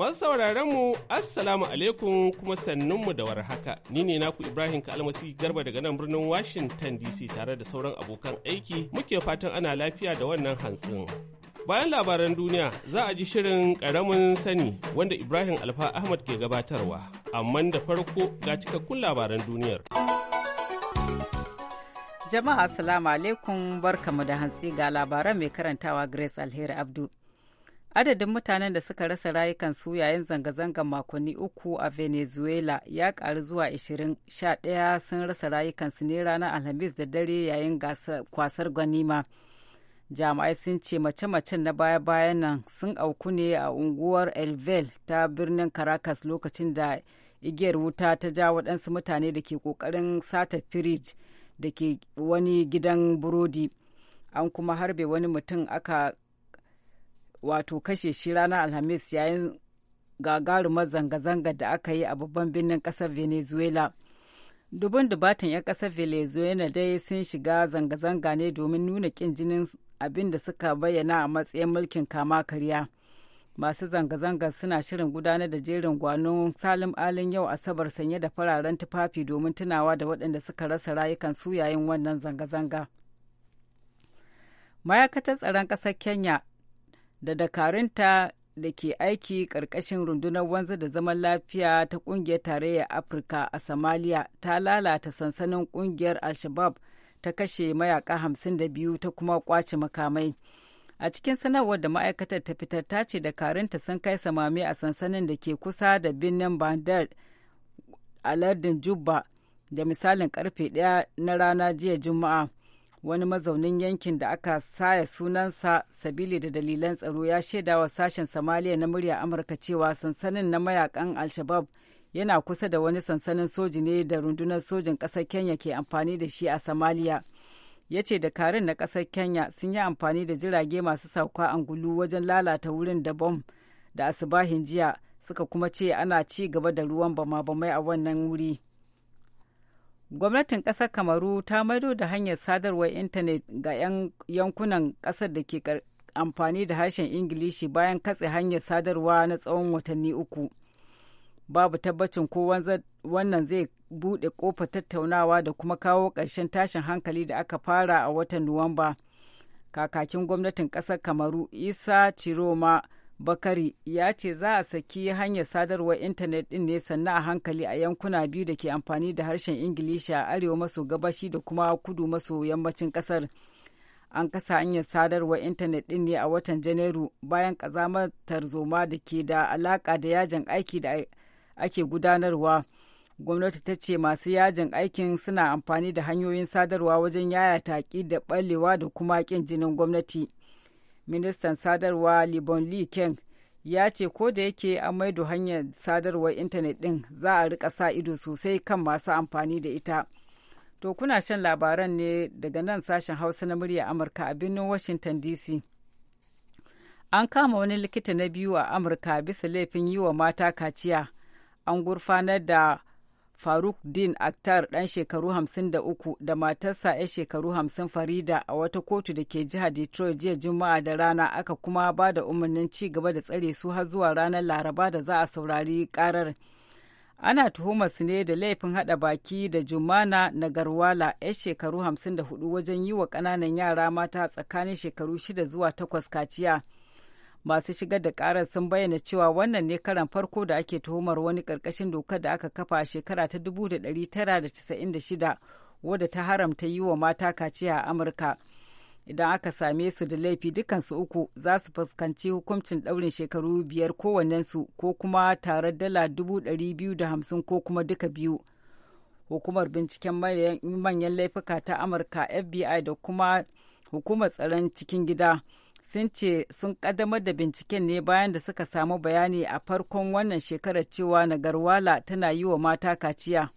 Masu sauraron mu Assalamu alaikum kuma sannunmu da warhaka. Ni ne naku Ibrahim Kalmasi Garba daga nan birnin Washington DC tare da sauran abokan aiki muke fatan ana lafiya da wannan hantsin. Bayan labaran duniya za a ji shirin ƙaramin sani wanda Ibrahim Alfa Ahmad ke gabatarwa, amma da farko ga cikakkun labaran duniyar. Jama'a Assalamu alaikum barkamu da hantsi ga labaran mai karantawa Grace Alheri Abdu. Adadin mutanen da suka rasa rayukansu yayin zanga zangan makonni uku a Venezuela ya karu zuwa 20, sha ɗaya sun rasa rayukansu ne ranar Alhamis da dare yayin kwasar ganima. Jami'ai sun ce mace-macen na baya-bayan nan sun auku ne a unguwar Elvel ta birnin Caracas lokacin da igiyar wuta ta ja waɗansu mutane da ke ƙoƙarin sata firij da ke wani gidan burodi. An kuma harbe wani mutum aka wato kashe shi ranar alhamis yayin gagarumar zanga zanga da aka yi a babban birnin kasar venezuela dubun dubatan 'yan kasar venezuela dai sun shiga zanga-zanga ne domin nuna ƙin jinin abin da suka bayyana a matsayin mulkin kama karya masu zanga zanga suna shirin gudanar da jerin gwanon salim alin yau asabar sanye da fararen tufafi domin tunawa da waɗanda suka rasa rayukan su yayin wannan zanga-zanga ma'aikatar tsaron ƙasar kenya da dakarunta da ke aiki ƙarƙashin rundunar wanzar da zaman lafiya ta ƙungiyar tarayyar afirka a somalia ta lalata sansanin ƙungiyar al-shabab ta kashe mayaka biyu ta kuma ƙwace makamai a cikin sanarwar da ma'aikatar ta fitar ta ce da dakarunta sun kai samami a sansanin da ke kusa da birnin bandar a lardin jubba da misalin karfe 1 na rana jiya juma'a wani mazaunin yankin da aka saya sunansa sabili da dalilan tsaro ya shaida wa sashen samaliya na murya amurka cewa sansanin na mayakan alshabab yana kusa da wani sansanin soji ne da rundunar sojin ƙasar kenya ke amfani da shi a samaliya ya ce dakarun na ƙasar kenya sun yi amfani da jirage masu sauka angulu wajen lalata wurin da bom da asibahin jiya suka kuma ce ana ci gaba da ruwan bama-bamai a wannan wuri gwamnatin ƙasar kamaru ta maido da hanyar sadarwar intanet ga 'yan yankunan kasar da ke amfani da harshen ingilishi bayan katse hanyar sadarwa na tsawon watanni uku babu tabbacin ko wannan zai buɗe kofar tattaunawa da kuma kawo ƙarshen tashin hankali da aka fara a watan nuwamba kakakin gwamnatin ƙasar kamaru isa ciroma bakari ya ce za a saki hanyar sadarwar intanet ɗin ne sannan a hankali a yankuna biyu da ke amfani da harshen ingilishi a arewa maso gabashi da kuma kudu maso yammacin ƙasar an kasa hanyar sadarwar intanet ɗin ne a watan janairu bayan ƙazamar tarzoma da ke da alaƙa da yajin aiki da ake gudanarwa gwamnati ta ce masu yajin aikin suna amfani da hanyoyin sadarwa wajen yaya yayata da ɓallewa da kuma ƙin jinin gwamnati. ministan sadarwa libon lee ya ce ko da yake an maido hanyar sadarwar intanet ɗin za a rika sa ido sosai kan masu amfani da ita to kuna shan labaran ne daga nan sashen hausa na murya amurka a birnin washington dc an kama wani likita na biyu a amurka bisa laifin yi wa mata kaciya an gurfanar da faruk din akhtar ɗan shekaru 53 da matarsa 'yan shekaru 50 farida a wata kotu da ke jihar detroit jiya juma'a da rana aka kuma ba da umarnin ci gaba da tsare su har zuwa ranar laraba da za a saurari karar ana tuhumar su ne da laifin hada baki da jumana nagarwala 'yar shekaru 54 wajen yi wa ƙananan yara mata tsakanin shekaru 6 zuwa 8 kaciya. masu shigar da karar sun bayyana cewa wannan ne karan farko da ake tuhumar wani karkashin dokar da aka kafa a shekara ta 1996 wadda ta haramta yi wa mata kaciya a amurka idan aka same su da laifi dukansu uku za su fuskanci hukuncin daurin shekaru biyar kowannensu ko kuma tare dala 250 ko kuma duka biyu hukumar binciken manyan laifuka ta amurka fbi da kuma hukumar tsaron cikin gida sun ce sun kaddamar da binciken ne bayan da suka samu bayani a farkon wannan shekarar cewa nagarwala tana yi wa mata kaciya.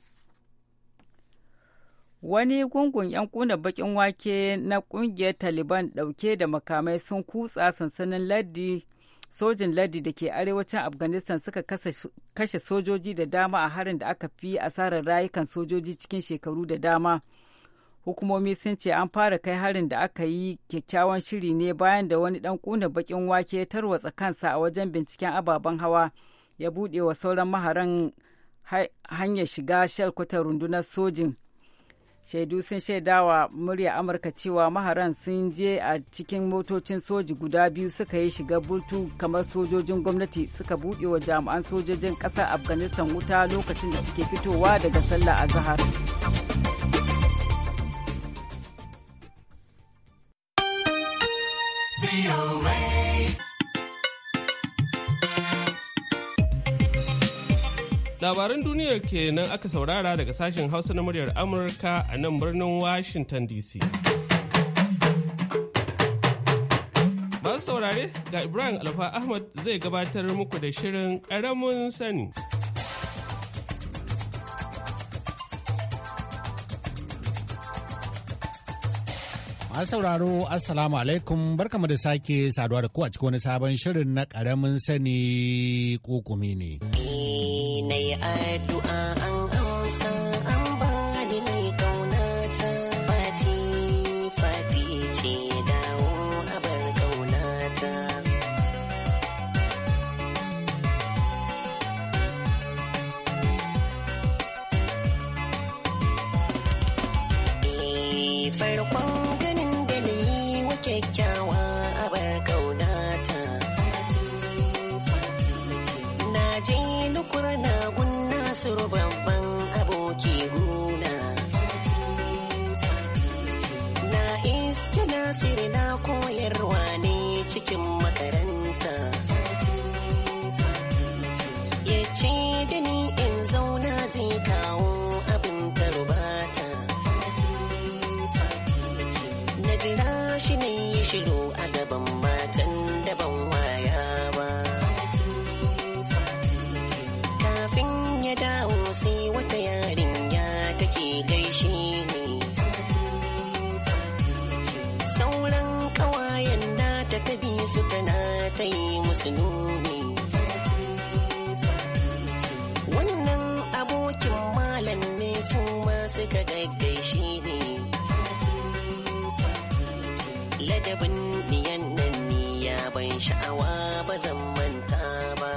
Wani gungun 'yan kuna bakin wake na kungiyar Taliban ɗauke da makamai sun kutsa sansanin laddi sojin laddi da ke arewacin Afghanistan suka kashe sojoji da dama a harin da aka fi asarar rayukan sojoji cikin shekaru da dama. hukumomi sun ce an fara kai harin da aka yi kyakkyawan shiri ne bayan da wani dan kuna bakin wake ya tarwatsa kansa a wajen binciken ababen hawa ya buɗe wa sauran maharan hanyar shiga shalkwatar rundunar sojin shaidu sun shaidawa murya amurka cewa maharan sun je a cikin motocin soji guda biyu suka yi shiga bultu kamar sojojin gwamnati suka buɗe wa jami'an sojojin ƙasar afghanistan wuta lokacin da suke fitowa daga sallah a zahar. Labaran duniyar kenan aka saurara daga sashen Hausa na muryar Amurka a nan birnin Washington DC. Masu saurare ga Ibrahim Alfa Ahmad zai gabatar muku da shirin ƙaramin sani. Masu sauraro Assalamu alaikum barkamu da sake saduwa da ku a cikin wani sabon shirin na ƙaramin sani kokumi ne. na yi addu'a an shi ne ya shigo a gaban matan da ban waya ba. Kafin ya dawo sai wata yarinya take gaishe ne. Sauran ƙawayen da ta tabi su tana ta yi musu nuni. Wannan abokin malam ne su masu suka annabin niyan nan ni ya ban sha'awa ba zan manta ba.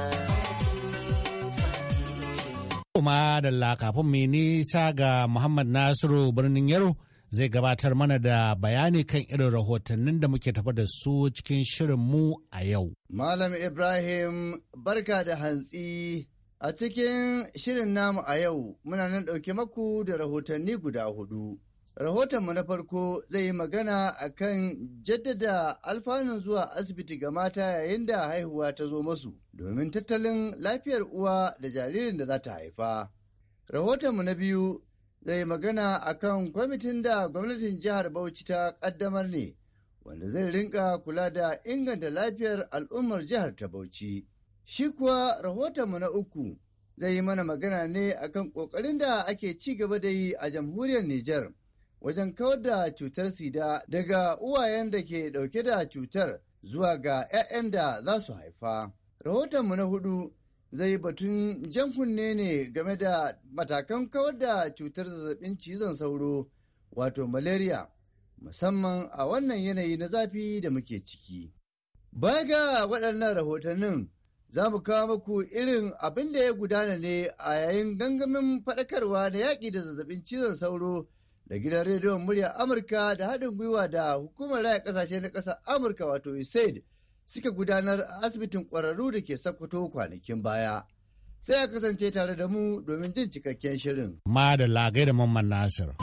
Kuma da kafin mai nisa ga Muhammad Nasiru birnin Yaro zai gabatar mana da bayani kan irin rahotannin da muke tafa da su cikin shirin mu a yau. Malam Ibrahim barka da hantsi a cikin shirin namu a yau muna nan ɗauke maku da rahotanni guda hudu. Rahotonmu na farko zai yi magana a kan jaddada alfanun zuwa asibiti ga mata yayin da haihuwa ta zo masu domin tattalin lafiyar uwa da jaririn da za ta haifa. Rahotonmu na biyu zai yi magana a kan kwamitin da gwamnatin jihar Bauchi ta ƙaddamar ne, wanda zai rinka kula da inganta lafiyar al'ummar jihar ta Bauchi. Shi kuwa rahotonmu na uku zai yi mana magana ne akan ƙoƙarin da ake ci gaba da yi a jamhuriyar Nijar. wajen kawar da cutar sida daga uwayen da ke dauke da cutar zuwa ga 'ya'yan da za su haifa. Rahotonmu na hudu zai batun jan kunne ne game da matakan kawar da cutar zazzabin cizon sauro wato malaria musamman a wannan yanayi na zafi da muke ciki. Baya ga waɗannan rahotannin za mu kawo muku irin abin da ya gudana ne a yayin gangamin faɗakarwa na yaƙi da zazzabin cizon sauro da gidan rediyon murya Amurka da haɗin gwiwa da hukumar raya ƙasashe na ƙasar Amurka wato USAID suka gudanar a asibitin ƙwararru da ke sakkwato kwanakin baya. Sai a kasance tare da mu domin jin cikakken shirin. Ma da lagai da Mamman Nasir.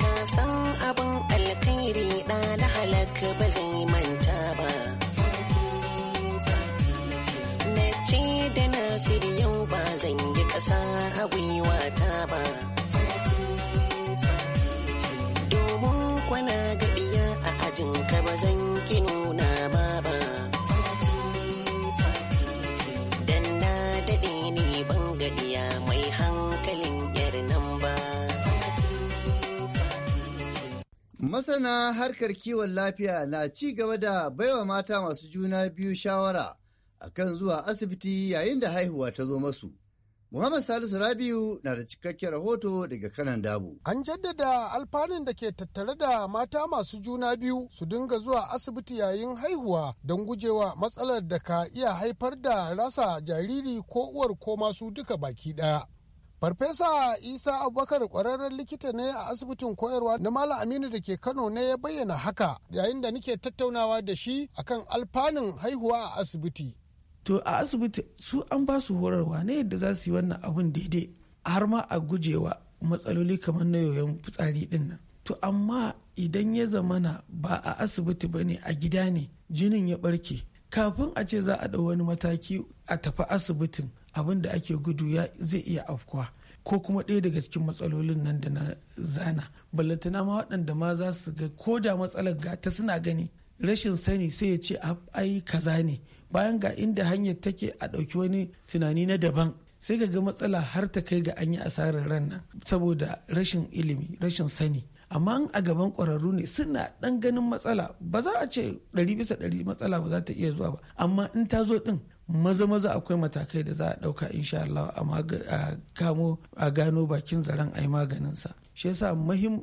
Masana harkar kiwon lafiya na ci gaba da baiwa mata masu juna biyu shawara a kan zuwa asibiti yayin da haihuwa ta zo masu. Muhammad Salisu Rabiu na da cikakken rahoto daga kanan dabu. An jaddada alfanun da ke tattare da mata masu juna biyu su dinga zuwa asibiti yayin haihuwa don gujewa matsalar da ka iya haifar da rasa jariri ko uwar ko masu duka baki ɗaya. Farfesa Isa Abubakar kwararren likita ne a asibitin koyarwa na Malam Aminu da ke Kano ne ya bayyana haka yayin da nike tattaunawa da shi akan alfanun haihuwa a asibiti. To a asibiti su an ba su horarwa ne yadda za su yi wannan abun daidai har ma a gujewa matsaloli kamar na yoyon fitsari din nan. To amma idan ya zamana ba a asibiti ba ne a gida ne jinin ya barke kafin a ce za a ɗau wani mataki a tafi asibitin abin da ake gudu ya zai iya afkuwa ko kuma ɗaya daga cikin matsalolin nan da na zana ballantana ma waɗanda ma za su ga ko da matsalar ga ta suna gani rashin sani sai ya ce ai kaza ne bayan ga inda hanyar take a ɗauki wani tunani na daban sai ga matsala har ta kai ga an yi asarar ran nan saboda rashin ilimi rashin sani amma a gaban ƙwararru ne suna ɗan ganin matsala ba za a ce ɗari bisa ɗari matsala ba za ta iya zuwa ba amma in ta zo ɗin maza maza akwai matakai da za a ɗauka insha Allah a kamo a gano bakin zaren a yi maganinsa shi yasa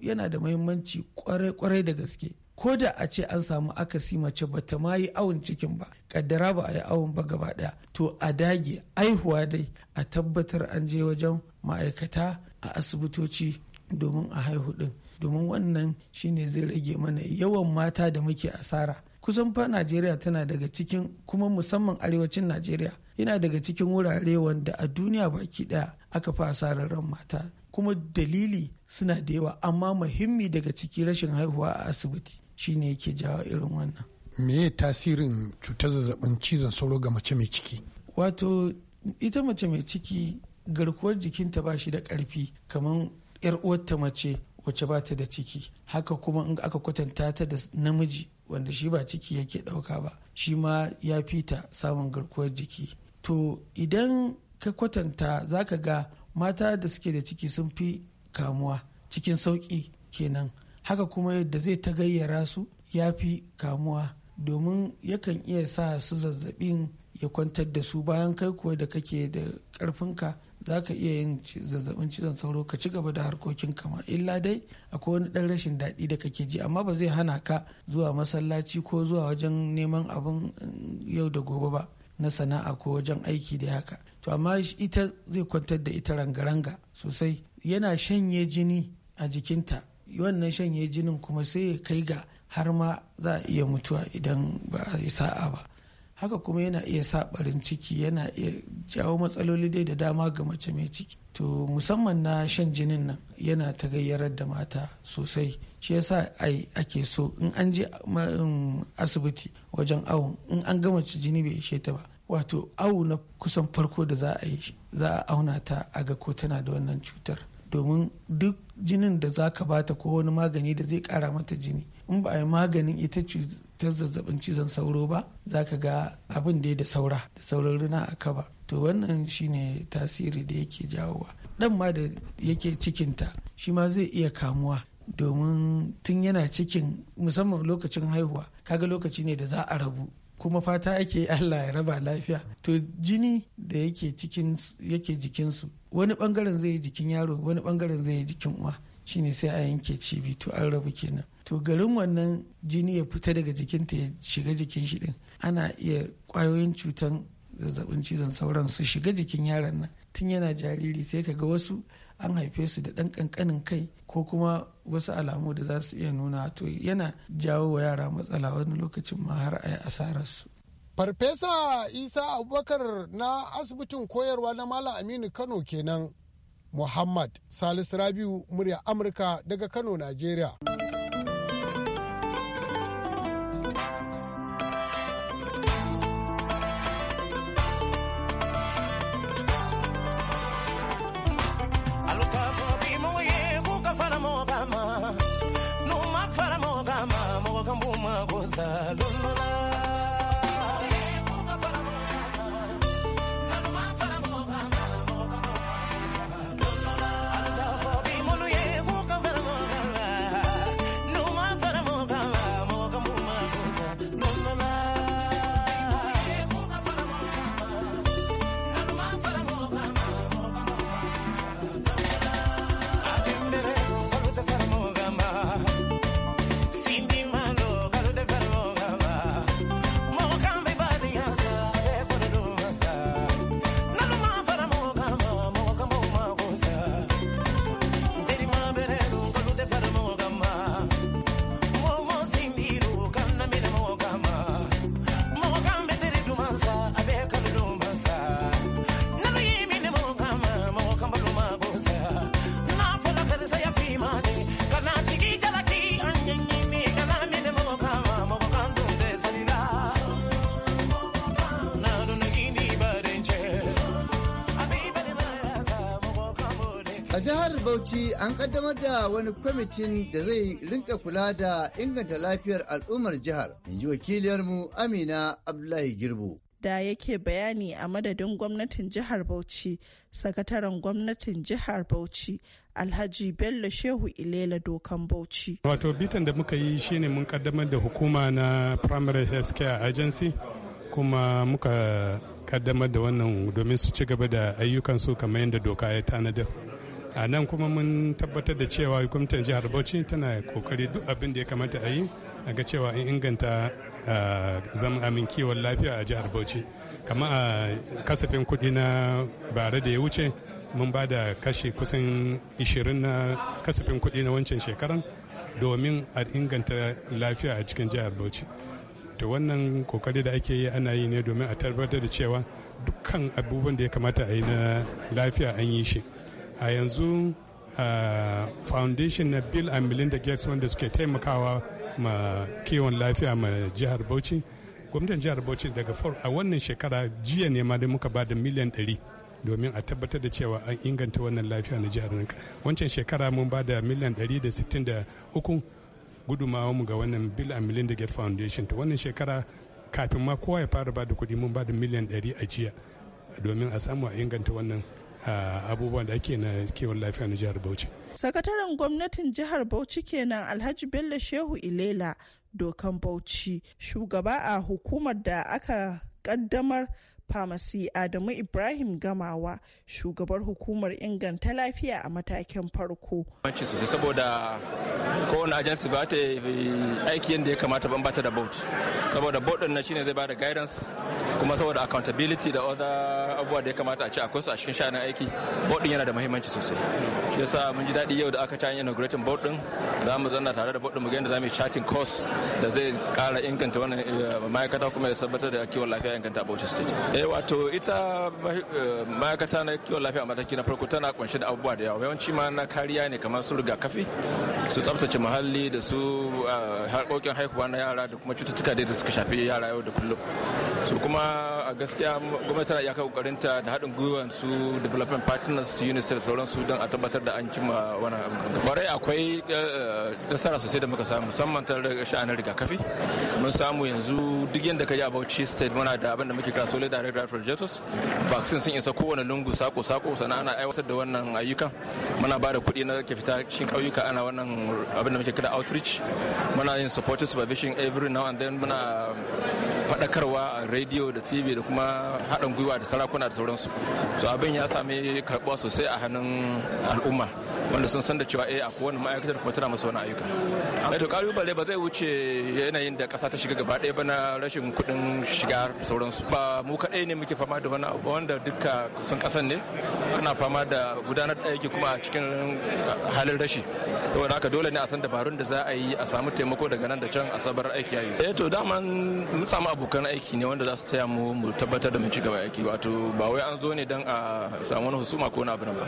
yana da mahimmanci kwarai da gaske ko da a ce an samu akasi mace ba ta ma yi awon cikin ba kaddara ba a yi awon ba gaba daya to a dage aihuwa dai a tabbatar an je wajen ma'aikata a asibitoci domin a haihu din domin wannan shine zai rage mana yawan mata da muke asara kusan fa najeriya tana daga cikin kuma musamman arewacin najeriya yana daga cikin wurare wanda a duniya baki daya aka fi asarar ran mata kuma dalili suna da yawa amma muhimmi daga ciki rashin haihuwa a asibiti shine yake jawo irin wannan meye tasirin cutar zazzabin cizon sauro ga mace mai ciki wato ita mace mai ciki garkuwar jikinta ba shi da karfi kamar yar uwarta mace wacce ba ta da ciki haka kuma in aka kwatanta ta da namiji wanda shi ba ciki yake ɗauka ba shi ma ya fita samun garkuwar jiki to idan ka kwatanta zaka ga mata da suke da ciki sun fi kamuwa cikin sauƙi kenan haka kuma yadda zai ta gayyara su ya fi kamuwa domin yakan iya sa su zazzabin ya kwantar da su bayan kai kuwa da kake da ƙarfinka za ka iya yin zazzabin cizon sauro ka ci gaba da harkokin kama illa dai akwai wani ɗan rashin daɗi da kake ji amma ba zai hana ka zuwa masallaci ko zuwa wajen neman abin mm, yau da gobe ba na sana'a ko wajen aiki da haka to amma ita zai kwantar da ita rangaranga sosai yana shanye jini a jikinta wannan shanye jinin kuma sai ya kai ga har ma za a iya mutuwa idan ba a yi sa'a ba haka kuma yana iya sa barin ciki yana iya jawo matsaloli dai da dama ga mace mai ciki to musamman na shan jinin nan yana ta gayyarar da mata sosai shi yasa ai ake so in an je um, asibiti wajen awon in an gama jini bai ishe ta ba wato awo na kusan farko da za a yi za a auna ta a ga ko tana da wannan cutar domin duk jinin da za ka bata ko wani magani da zai kara mata jini in ba a yi maganin ita cutar zazzabin cizon sauro ba za ka ga abin da ya da saura da sauran runa a kaba to wannan shine tasiri da yake jawowa dan ma da yake cikinta shi ma zai iya kamuwa domin tun yana cikin musamman lokacin haihuwa kaga lokaci ne da za a rabu kuma fata ake Allah ya raba lafiya to jini da yake cikin jikinsu wani bangaren zai yi jikin yaro wani bangaren zai yi jikin uwa shine sai a yanke cibi to an rabu kenan to garin wannan jini ya fita daga jikinta ya shiga jikin shi din ana iya kwayoyin cutan zazzabin cizon sauran su shiga jikin yaron nan tun yana jariri sai ka ga wasu an haife su da ɗan ƙanƙanin kai ko kuma wasu alamu da za su iya nuna to yana jawo wa yara matsala wani lokacin ma har a yi asararsu. Farfesa Isa Abubakar na asibitin koyarwa na Malam Aminu Kano kenan Muhammad Salisu Rabiu murya Amurka daga Kano, Najeriya. Numa fara mo gama mo kan bu ma goza lolola jihar Bauchi an kaddamar da wani kwamitin da zai rinka kula da inganta lafiyar al'ummar jihar, in ji wakiliyarmu Amina Abdullahi girbu. Da yake bayani a madadin gwamnatin jihar Bauchi, sakataren gwamnatin jihar Bauchi, Alhaji Bello Shehu Ilela Dokan Bauchi. Wato bitan da muka yi shine mun kaddamar da hukuma na Primary Health Care Agency kuma muka kaddamar da wannan domin su ci gaba da ayyukansu kamar yadda doka ya tanadar. a nan kuma mun tabbatar da cewa hukumtar jihar bauchi tana kokari duk abin da ya kamata a yi a ga cewa in inganta zama amin kiwon lafiya a jihar bauchi kama a kasafin kuɗi na bare da ya wuce mun ba da kashi kusan 20 na kasafin kuɗi na wancan shekaran domin a inganta lafiya a cikin jihar bauchi to wannan kokari da ake yi ana yi ne domin a tabbatar da cewa dukkan abubuwan da ya kamata a yi na lafiya an yi shi a yanzu foundation na bill and melinda gates wanda suke taimakawa ma kiwon lafiya ma jihar bauchi gwamnatin jihar bauchi daga a wannan shekara jiya ne ma dai muka ba da miliyan 100 domin a tabbatar da cewa an inganta wannan lafiya na jihar nan wancan shekara mun ba da miliyan 163 gudumawa mu ga wannan bill and melinda gates foundation to wannan shekara kafin ma kowa ya fara ba da kuɗi mun ba da miliyan 100 a jiya domin a samu a inganta wannan abubuwan da ake na kiwon lafiya na jihar Bauchi. Sakataren gwamnatin jihar Bauchi kenan Alhaji Bello Shehu Ilela dokan Bauchi shugaba a hukumar da aka kaddamar Famasi Adamu Ibrahim Gamawa shugabar hukumar inganta lafiya a matakin farko. Manci sosai saboda kowane ajansi ba ta aiki yadda ya kamata ban bata da boat. Saboda boat din na shine zai ba da guidance kuma saboda accountability da other abubuwa da ya kamata a ci a kusa a cikin shanin aiki board yana da muhimmanci sosai shi yasa mun ji daɗi yau da aka ta yin inaugurating board din za mu zanna tare da board mu ga da za mu yi charting course da zai ƙara inganta wannan eh, ma'aikata kuma ya tabbatar da kiwon lafiya inganta a Bauchi State eh wato ita eh, ma'aikata na kiwon lafiya a mataki na farko tana kunshe da abubuwa da yawa yawanci ma na kariya ne kamar su rigakafi su tsaftace muhalli da su eh, harkokin haihuwa na yara da kuma cututtuka da suka shafi yara yau da kullum su kuma a gaskiya gwamnati na iyaka kokarinta da haɗin gwiwar su development partners unicef sauransu don a tabbatar da an cimma wannan barai akwai eh, nasara sosai da muka samu musamman ta da sha'anin rigakafi mun samu yanzu duk yadda ka yi a bauchi state muna da abin da muke kira solid direct drive projectors vaccine sun isa kowane lungu sako sako sannan ana aiwatar da wannan ayyuka muna ba da kuɗi na ke fita cikin ƙauyuka ana wannan abin da muke kira outreach muna yin supportive supervision every now and then muna faɗakarwa a radio da tv da kuma haɗin gwiwa da sarakuna da sauransu su abin ya sami karɓuwa sosai a hannun al'umma wanda sun san da cewa eh akwai wani ma'aikatar kuma tana masa wani ayyuka mai eh, to kalubale ba zai wuce yanayin da kasa ta shiga gaba ɗaya ba na rashin kuɗin shiga sauransu ba mu kaɗai ne muke fama da wani abu wanda duka sun ƙasan ne ana fama da gudanar da aiki kuma a cikin halin rashi da haka dole ne a san dabarun da za a yi a samu taimako daga nan da can a sabar aiki yi. eh to dama mun samu abokan aiki ne wanda za su taya mu mu tabbatar da mun ci gaba aiki wato ba wai an zo ne dan a samu wani husuma ko wani abu ba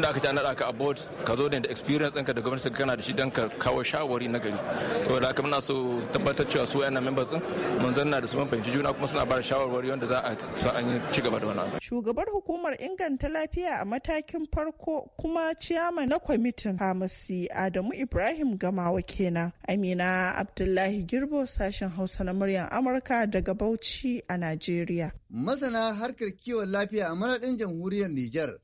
da aka an naɗa ka a board ka zo ne da experience ɗinka da gwamnati kana da shi don ka kawo shawari na gari to da haka muna so tabbatar cewa su yana members din mun zanna da su mun fahimci juna kuma suna ba da shawarwari wanda za a sa an ci gaba da wannan shugabar hukumar inganta lafiya a matakin farko kuma ciyama na kwamitin pharmacy adamu ibrahim gamawa kenan amina abdullahi girbo sashen hausa na muryar amurka daga bauchi a nigeria. masana harkar kiwon lafiya a maradin jamhuriyar niger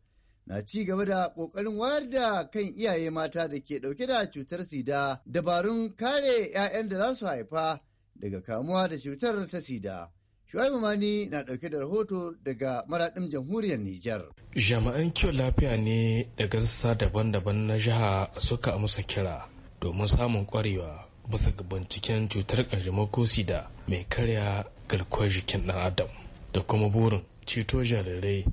na ci gaba da ƙoƙarin wayar da kan iyaye mata da ke ɗauke da cutar sida dabarun kare 'ya'yan da za su haifa daga kamuwa da cutar ta sida. Shuaibu Mani na ɗauke da rahoto daga maraɗin jamhuriyar Nijar. jama'an kiwon lafiya ne daga sassa daban-daban na jiha suka amsa kira domin samun ƙwarewa bisa ga binciken cutar ƙanjamau ko sida mai karya garkuwar jikin ɗan adam da kuma burin ceto jarirai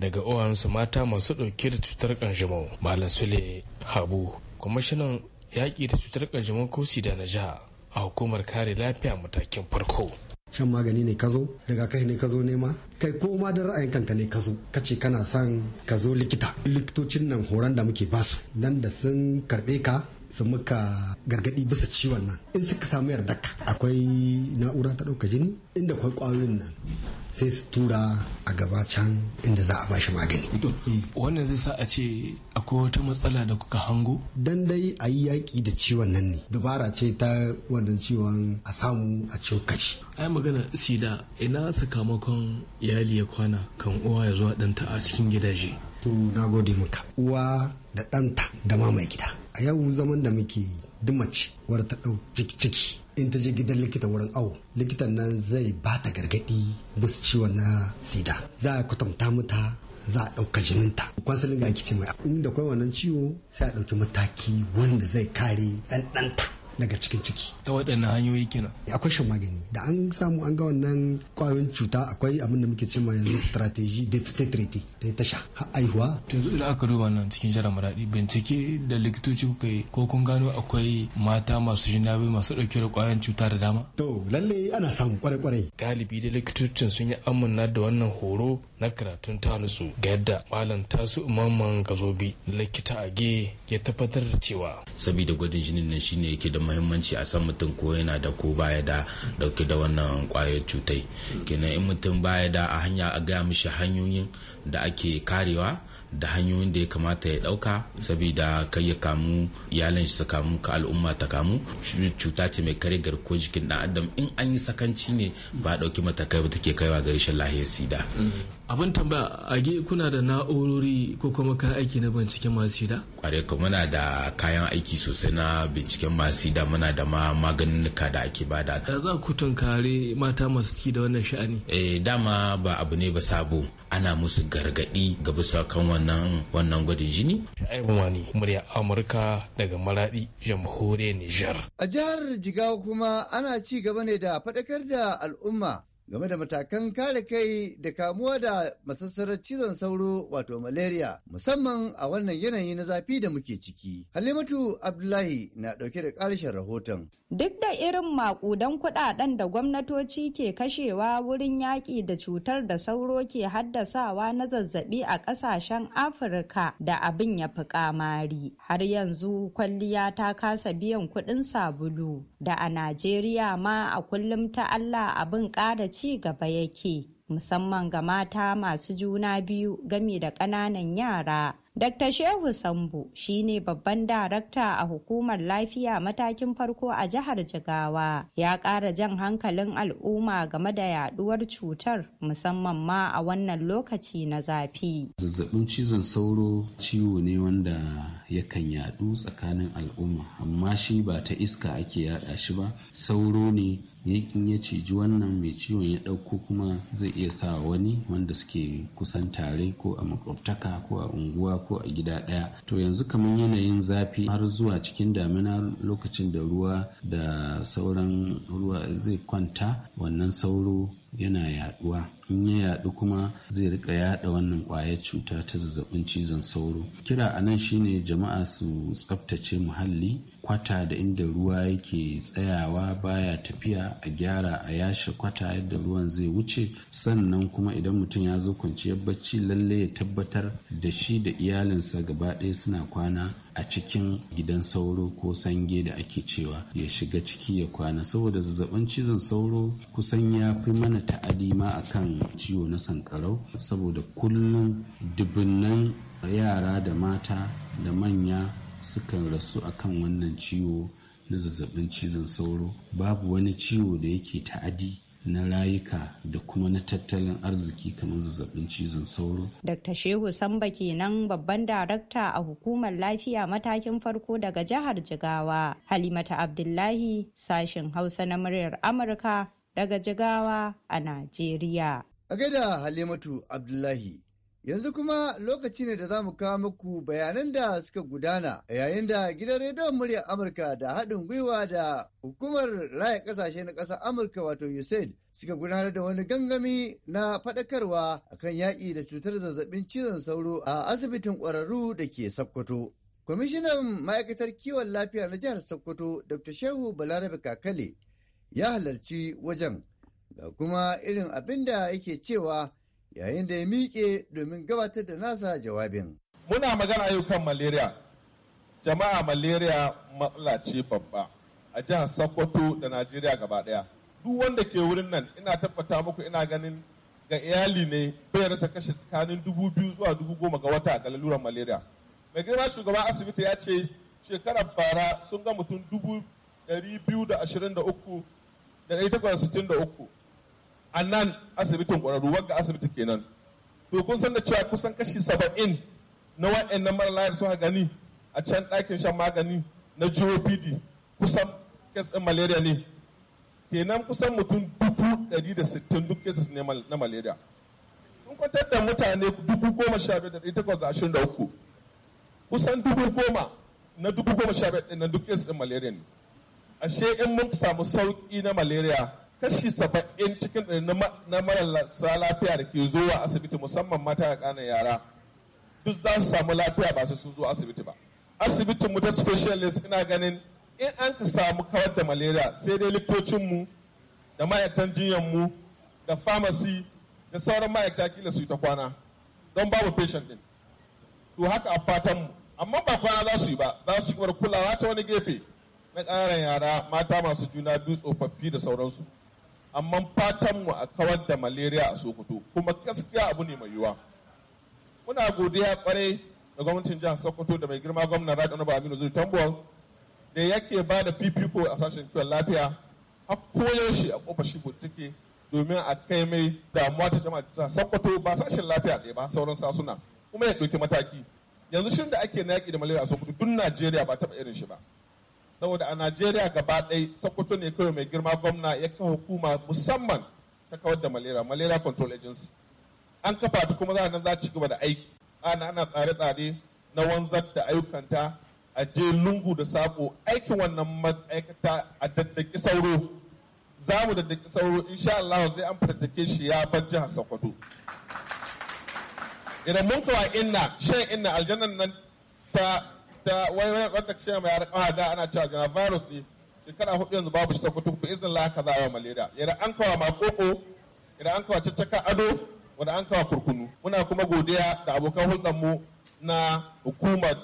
daga uwansu mata masu ɗauke da cutar kanjamau malam sule habu kwamishinan yaƙi da cutar kanjamau ko da na jiha a hukumar kare lafiya matakin farko shan magani ne kazo zo kai ne kazo zo nema kai ko ma da ra'ayin kanka ne ka zo ka ce kana son kazo likita likitocin nan horon da muke basu nan da sun karɓe ka su muka gargadi bisa ciwon nan in suka samu yardarka akwai na'ura ta ɗauka jini inda kwai ƙwayoyin nan sai su tura a gaba can inda za a ba shi magani. Eh. Wannan zai sa a ce akwai wata matsala da kuka hango? Dan dai a yi yaƙi da ciwon nan ne. Dubara ce ta wannan ciwon a samu a ciwo kashi. Ai magana sida ina sakamakon iyali ya kwana kan uwa ya zuwa ɗanta a cikin gidaje. so na gode maka uwa da ɗanta da mamaye gida a yau zaman da muke dumace mace wadda ta ɗau ciki ciki in ta je gidan likita wurin awo likitan nan zai ba ta gargaɗi musu ciwon na sida za a kwatanta mata za a ɗauka jininta kwansalin ga ake ce mai inda kwai wannan ciwo sai a ɗauki mataki wanda zai kare ɗanɗanta ɗanta daga cikin ciki ta waɗannan hanyoyi kenan eh, akwai shan magani da an samu an ga wannan kwayoyin cuta akwai abin da muke ce ma yanzu strategy deficit treaty ta tasha aihuwa yanzu idan aka duba nan cikin shirin maraɗi bincike da likitoci kuka yi ko kun gano akwai mata masu jinabi masu ɗauke da kwayoyin cuta da dama to lalle ana samu kwarai-kwarai galibi da likitocin sun yi amanna da wannan horo na karatun ta tanusu ga yadda malam tasu mamman gazobi likita a ge ya tabbatar da cewa sabida gwajin jinin nan shine yake da muhimmanci a san mutum ko yana da ko baya da dauke da wannan kwayar cutai kenan in mutum baya da a hanya a gaya mishi hanyoyin da ake karewa da hanyoyin da ya kamata ya dauka saboda kai ya kamu iyalan shi su kamu ka al'umma ta kamu cuta ce mai kare garkuwar jikin dan adam in an yi sakanci ne ba dauki matakai ba take kaiwa ga rashin lahiyar sida abin tambaya age kuna da na'urori ko kuma kayan aiki na binciken masu shida kware ka muna da kayan aiki sosai na binciken masu shida muna da ma maganinka da ake bada da za ku tunkare mata masu ciki da wannan sha'ani eh dama ba abu ne ba sabo ana musu gargadi ga bisa kan wannan wannan gwadin jini Shu'aibu Mani murya Amurka daga Maradi jamhuriyar Nijar a jihar Jigawa kuma ana ci gaba ne da faɗakar da al'umma game da matakan kare kai da kamuwa da masassarar cizon sauro wato malaria musamman a wannan yanayi na zafi da muke ciki. Halimatu Abdullahi na ɗauke da ƙarshen rahoton. Duk da irin makudan kudaden da gwamnatoci ke kashewa wurin yaƙi da cutar da sauro ke haddasawa na zazzabi a ƙasashen Afirka da abin ya fi kamari. Har yanzu kwalliya ta kasa biyan kuɗin sabulu da a Najeriya ma a kullum ta Allah abin ƙara ci gaba yake. Musamman ga mata masu juna biyu gami da ƙananan yara. Dr. Shehu Sambo ne babban darakta a hukumar lafiya matakin farko a jihar Jigawa ya ƙara jan hankalin al'umma game da yaduwar cutar musamman ma a wannan lokaci na zafi. Zazzabin cizon sauro ciwo ne wanda yakan yadu tsakanin al'umma amma shi ba ta iska ake yada shi ba sauro ne in ya ciji wannan mai ciwon ya ɗauko kuma zai iya sa wani wanda suke kusan tare ko a makwabtaka ko a unguwa ko a gida ɗaya to yanzu kamar yanayin zafi har zuwa cikin damina lokacin da ruwa da sauran ruwa zai kwanta wannan sauro yana yaduwa in ya yadu kuma zai rika yada wannan kwaya cuta ta zazzabin cizon sauro kira a nan shine jama'a su tsaftace muhalli kwata da inda ruwa yake tsayawa baya tafiya a gyara a yashe kwata yadda ruwan zai wuce sannan kuma idan mutum ya zo kwanciyar bacci lalle ya tabbatar da shi da iyalinsa gaba ɗaya suna kwana a cikin gidan sauro ko sange da ake cewa ya shiga ciki ya kwana saboda zazzabin cizon sauro kusan ya fi mana ta'adi ma kan ciwo na sankarau saboda kullum dubunnan yara da mata da manya sukan rasu a kan wannan ciwo na zazzabin cizon sauro babu wani ciwo da yake ta'adi na rayuka da kuma na tattalin arziki kamar zazzabin cizon sauro. Dr. Shehu Samba kenan babban darakta a hukumar lafiya matakin farko daga jihar Jigawa. Halimata Abdullahi sashen Hausa na muryar Amurka daga Jigawa a Najeriya. A gaida Halimatu Abdullahi. Yanzu kuma lokaci ne da za mu kawo muku bayanan da suka gudana yayin da gidan rediyon muryar Amurka da haɗin gwiwa da hukumar raya ƙasashe na ƙasar Amurka wato USAID suka gudanar da wani gangami na faɗakarwa akan yaƙi da cutar zazzabin cizon sauro a asibitin ƙwararru da ke Sokoto. Kwamishinan ma'aikatar kiwon lafiya na jihar Sokoto Dr. Shehu Balarabe Kakale ya halarci wajen ga kuma irin abin da yake cewa yayin da ya miƙe domin gabatar da nasa jawabin. Muna magana ayyukan malaria. Jama'a malaria matsala ce babba a jihar Sokoto da Najeriya gaba ɗaya. Duk wanda ke wurin nan ina tabbata muku ina ganin ga iyali ne bai rasa kashe tsakanin dubu biyu zuwa dubu goma ga wata ga laluran malaria. Mai girma shugaban asibiti ya ce shekarar bara sun ga mutum dubu ɗari biyu da ashirin da uku da ɗari takwas sittin da uku a nan asibitin ƙwararru wagga asibiti kenan to kun san da cewa kusan kashi saba'in na na mara lahiyar suka gani a can ɗakin shan magani na gopd kusan kes ɗin malaria ne kenan kusan mutum dubu ɗari da sittin duk kes ne na malaria sun kwantar da mutane dubu goma sha biyar da ɗari takwas da ashirin da uku kusan dubu goma na dubu goma sha biyar ɗin na duk kes ɗin malaria ne ashe in mun samu sauƙi na malaria kashi saba'in cikin ɗari na marasa lafiya da ke zuwa asibiti musamman mata da ƙanan yara duk za su samu lafiya ba su sun zo asibiti ba asibitin mu ta specialist ina ganin in an ka samu kawar da malaria sai dai mu da ma'aikatan mu da pharmacy da sauran ma'aikata kila su yi ta kwana don babu patient din to haka a fatan mu amma ba kwana za su yi ba za su ci gaba kulawa ta wani gefe na ƙarin yara mata masu juna biyu tsofaffi da sauransu amma fatanmu a kawar da malaria a sokoto kuma gaskiya abu ne mai yiwuwa muna godiya kwarai da gwamnatin jihar sokoto da mai girma gwamna radon ba aminu zuri tambuwal da yake ba da fifiko a sashen kiwon lafiya har koyaushe a kofar shigo take domin a kai mai damuwa ta jama'a ta sokoto ba sashen lafiya ɗaya ba sauran sasuna kuma ya ɗauki mataki yanzu shirin da ake na yaƙi da malaria a sokoto duk najeriya ba taɓa irin shi ba saboda a najeriya gaba ɗai sokoto ne kawai mai girma gwamna ya kawo hukuma musamman ta kawar da malaria malaria control agency an kafa ta kuma za a nan za ci gaba da aiki ana ana tsare-tsare na wanzar da ayyukanta a je lungu da sako aikin wannan ma'aikata a daddaki sauro za mu daddaki sauro insha Allah sai an fitattake shi ya bar jihar Sokoto idan mun kawai inna shan inna aljannan nan ta ta wai wai wanda ce mai yar da ana cewa jana virus ne shekara hudu yanzu babu shi sakutu bi iznin Allah ka zawo a malaria idan an kawa makoko idan an kawa caccaka ado wanda an kawa kurkunu muna kuma godiya da abokan hulɗar mu na hukumar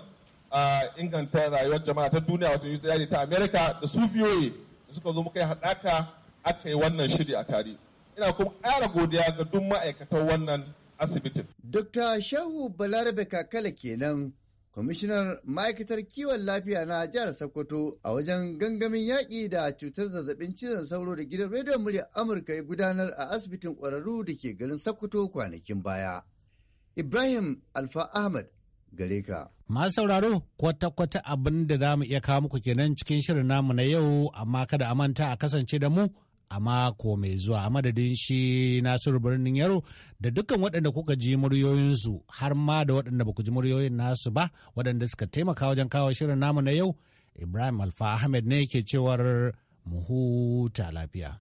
inganta rayuwar jama'a ta duniya wato USAID ta America da sufiyoyi da suka zo muka yi haɗaka aka yi wannan shiri a tare ina kuma ƙara godiya ga duk ma'aikatan wannan asibitin. Dokta Shehu Balarabe Kakala kenan kwamishinar ma'aikatar kiwon lafiya na jihar sokoto a wajen gangamin yaƙi da cutar zazzabin cizon sauro da gidan rediyon murya amurka ya gudanar a asibitin ƙwararru da ke garin sokoto kwanakin baya ibrahim alfa ahmad gare ka masu sauraro kwata-kwata abin da za mu iya kawo muku kenan cikin shirin namu na yau amma kada a manta a kasance da mu a mako mai zuwa a madadin shi nasiru birnin yaro da dukkan waɗanda kuka ji muryoyinsu har ma da waɗanda baku ji muryoyin nasu ba waɗanda suka taimaka wajen kawo shirin namu na yau ibrahim alfa ahmed ne ke cewar mu huta lafiya.